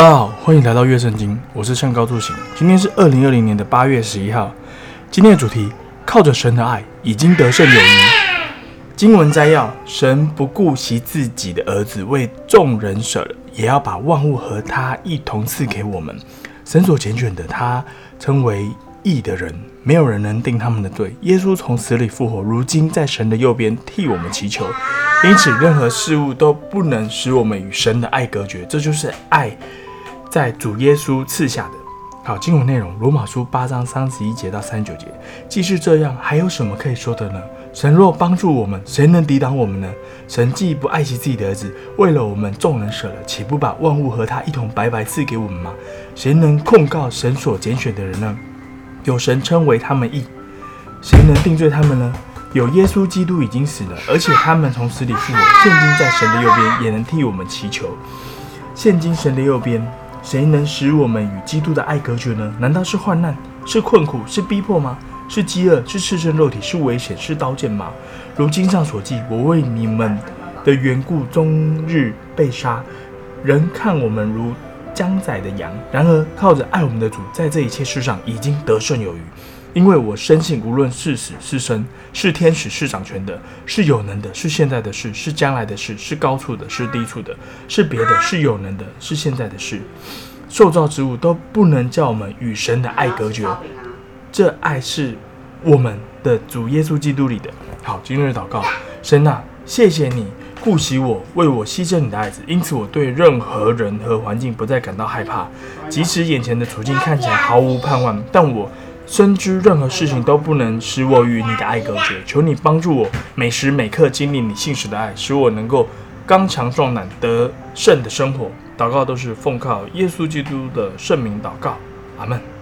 大家好，歡迎來到樂聖經，我是向高柱行。今天是二零二零年的八月十一號。今天的主題：靠着神的愛，已經得勝有餘。經文摘要：神不顧惜自己的兒子，為眾人捨了，也要把萬物和他一同賜給我們。神所揀選的，他稱為義的人，沒有人能定他們的罪。耶穌從死裡復活，如今在神的右邊替我們祈求，因此任何事物都不能使我們與神的愛隔絕。這就是愛。在主耶穌賜下的。好，經文內容羅馬書八章三十一節到三十九節。既是這樣，還有什麼可以說的呢？神若幫助我們，誰能抵擋我們呢？神既不愛惜自己的兒子，為了我們眾人捨了，豈不把萬物和他一同白白賜給我們嗎？誰能控告神所揀選的人呢？有神稱為他們義，誰能定罪他們呢？有耶穌基督已經死了，而且他們從死裡復活，現今在神的右邊，也能替我們祈求。現今神的右邊。誰能使我們與基督的愛隔絕呢？難道是患難，是困苦，是逼迫嗎？是飢餓，是赤身露體，是危險，是刀劍嗎？如經上所記，我為你們的緣故，終日被殺，人看我們如將宰的羊。然而靠着愛我們的主，在這一切事上已經得勝有餘。因為我深信，無論是死是生，是天使是掌權的，是有能的，是現在的事，是將來的事，是高處的，是低處的，是別的，是有能的，是現在的事，受造之物都不能叫我們與神的愛隔絕。這愛是我們的主耶穌基督裡的。好，今日禱告，神啊，謝謝你顧惜我，為我犧牲你的愛子，因此我對任何人和環境不再感到害怕，即使眼前的處境看起來毫無盼望，但我，深知，任何事情都不能使我與你的愛隔絕，求你幫助我每時每刻經歷你信實的愛，使我能夠剛強壯膽得勝的生活。禱告都是奉靠耶穌基督的聖名禱告，阿門。